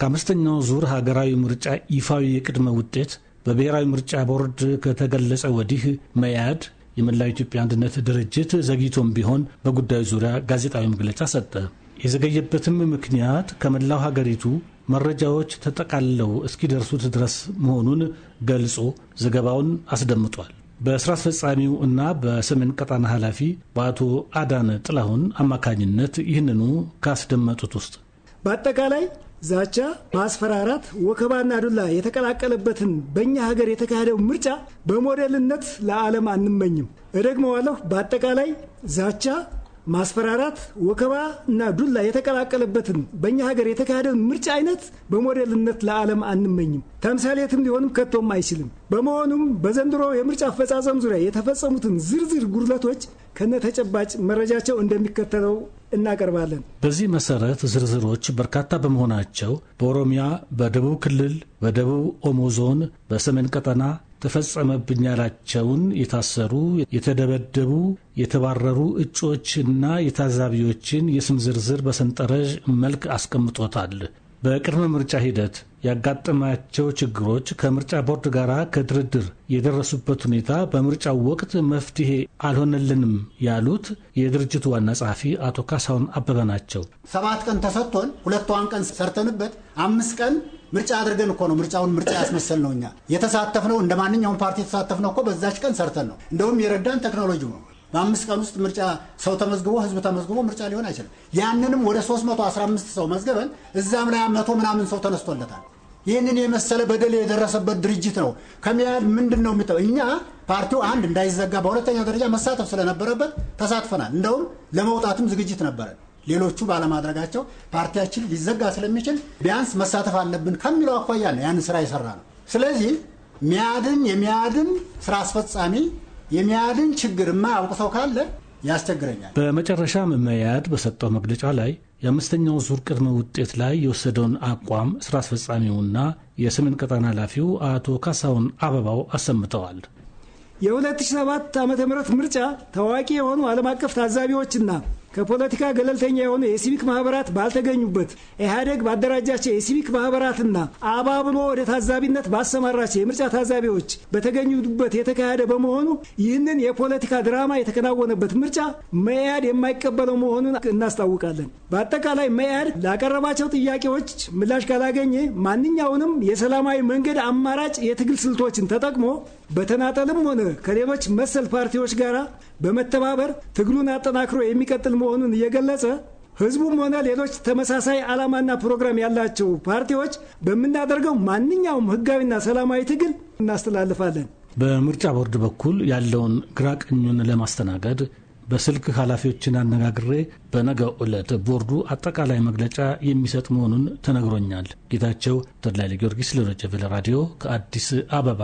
ከአምስተኛው ዙር ሀገራዊ ምርጫ ይፋዊ የቅድመ ውጤት በብሔራዊ ምርጫ ቦርድ ከተገለጸ ወዲህ መያድ የመላው ኢትዮጵያ አንድነት ድርጅት ዘግይቶም ቢሆን በጉዳዩ ዙሪያ ጋዜጣዊ መግለጫ ሰጠ። የዘገየበትም ምክንያት ከመላው ሀገሪቱ መረጃዎች ተጠቃለው እስኪደርሱት ድረስ መሆኑን ገልጾ ዘገባውን አስደምጧል። በስራ አስፈጻሚው እና በሰሜን ቀጣና ኃላፊ በአቶ አዳነ ጥላሁን አማካኝነት ይህንኑ ካስደመጡት ውስጥ በአጠቃላይ ዛቻ፣ ማስፈራራት፣ ወከባና ዱላ የተቀላቀለበትን በእኛ ሀገር የተካሄደው ምርጫ በሞዴልነት ለዓለም አንመኝም። እደግመዋለሁ። በአጠቃላይ ዛቻ፣ ማስፈራራት፣ ወከባ እና ዱላ የተቀላቀለበትን በእኛ ሀገር የተካሄደውን ምርጫ አይነት በሞዴልነት ለዓለም አንመኝም። ተምሳሌትም ሊሆንም ከቶም አይችልም። በመሆኑም በዘንድሮ የምርጫ አፈጻጸም ዙሪያ የተፈጸሙትን ዝርዝር ጉድለቶች ከነተጨባጭ መረጃቸው እንደሚከተለው እናቀርባለን። በዚህ መሰረት ዝርዝሮች በርካታ በመሆናቸው በኦሮሚያ፣ በደቡብ ክልል፣ በደቡብ ኦሞ ዞን፣ በሰሜን ቀጠና ተፈጸመብኝ ያላቸውን የታሰሩ፣ የተደበደቡ፣ የተባረሩ እጩዎችና የታዛቢዎችን የስም ዝርዝር በሰንጠረዥ መልክ አስቀምጦታል። በቅድመ ምርጫ ሂደት ያጋጠማቸው ችግሮች ከምርጫ ቦርድ ጋር ከድርድር የደረሱበት ሁኔታ በምርጫው ወቅት መፍትሄ አልሆነልንም ያሉት የድርጅቱ ዋና ጸሐፊ አቶ ካሳሁን አበበ ናቸው። ሰባት ቀን ተሰጥቶን ሁለት ቀን ሰርተንበት አምስት ቀን ምርጫ አድርገን እኮ ነው ምርጫውን ምርጫ ያስመሰል ነው። እኛ የተሳተፍነው እንደ ማንኛውም ፓርቲ የተሳተፍነው እኮ በዛች ቀን ሰርተን ነው። እንደውም የረዳን ቴክኖሎጂ ነው። በአምስት ቀን ውስጥ ምርጫ ሰው ተመዝግቦ ህዝብ ተመዝግቦ ምርጫ ሊሆን አይችልም። ያንንም ወደ 315 ሰው መዝገበን እዛም ላይ መቶ ምናምን ሰው ተነስቶለታል። ይህንን የመሰለ በደል የደረሰበት ድርጅት ነው ከሚያል ምንድን ነው የሚጠው እኛ ፓርቲው አንድ እንዳይዘጋ በሁለተኛ ደረጃ መሳተፍ ስለነበረበት ተሳትፈናል። እንደውም ለመውጣትም ዝግጅት ነበረን። ሌሎቹ ባለማድረጋቸው ፓርቲያችን ሊዘጋ ስለሚችል ቢያንስ መሳተፍ አለብን ከሚለው አኳያ ነው ያንን ስራ የሰራ ነው። ስለዚህ ሚያድን የሚያድን ስራ አስፈጻሚ የሚያድን ችግርማ አውቅ ሰው ካለ ያስቸግረኛል። በመጨረሻም መያድ በሰጠው መግለጫ ላይ የአምስተኛው ዙር ቅድመ ውጤት ላይ የወሰደውን አቋም ስራ አስፈጻሚውና የሰሜን ቀጠና ኃላፊው አቶ ካሳሁን አበባው አሰምተዋል። የ2007 ዓ ም ምርጫ ታዋቂ የሆኑ ዓለም አቀፍ ታዛቢዎችና ከፖለቲካ ገለልተኛ የሆኑ የሲቪክ ማህበራት ባልተገኙበት ኢህአዴግ ባደራጃቸው የሲቪክ ማህበራትና አባብሎ ወደ ታዛቢነት ባሰማራቸው የምርጫ ታዛቢዎች በተገኙበት የተካሄደ በመሆኑ ይህንን የፖለቲካ ድራማ የተከናወነበት ምርጫ መኢአድ የማይቀበለው መሆኑን እናስታውቃለን። በአጠቃላይ መኢአድ ላቀረባቸው ጥያቄዎች ምላሽ ካላገኘ ማንኛውንም የሰላማዊ መንገድ አማራጭ የትግል ስልቶችን ተጠቅሞ በተናጠልም ሆነ ከሌሎች መሰል ፓርቲዎች ጋር በመተባበር ትግሉን አጠናክሮ የሚቀጥል መሆኑን እየገለጸ ህዝቡም ሆነ ሌሎች ተመሳሳይ ዓላማና ፕሮግራም ያላቸው ፓርቲዎች በምናደርገው ማንኛውም ህጋዊና ሰላማዊ ትግል እናስተላልፋለን። በምርጫ ቦርድ በኩል ያለውን ግራቅኙን ለማስተናገድ በስልክ ኃላፊዎችን አነጋግሬ በነገ ዕለት ቦርዱ አጠቃላይ መግለጫ የሚሰጥ መሆኑን ተነግሮኛል። ጌታቸው ተድላይ ለጊዮርጊስ ለዶይቼ ቬለ ራዲዮ ከአዲስ አበባ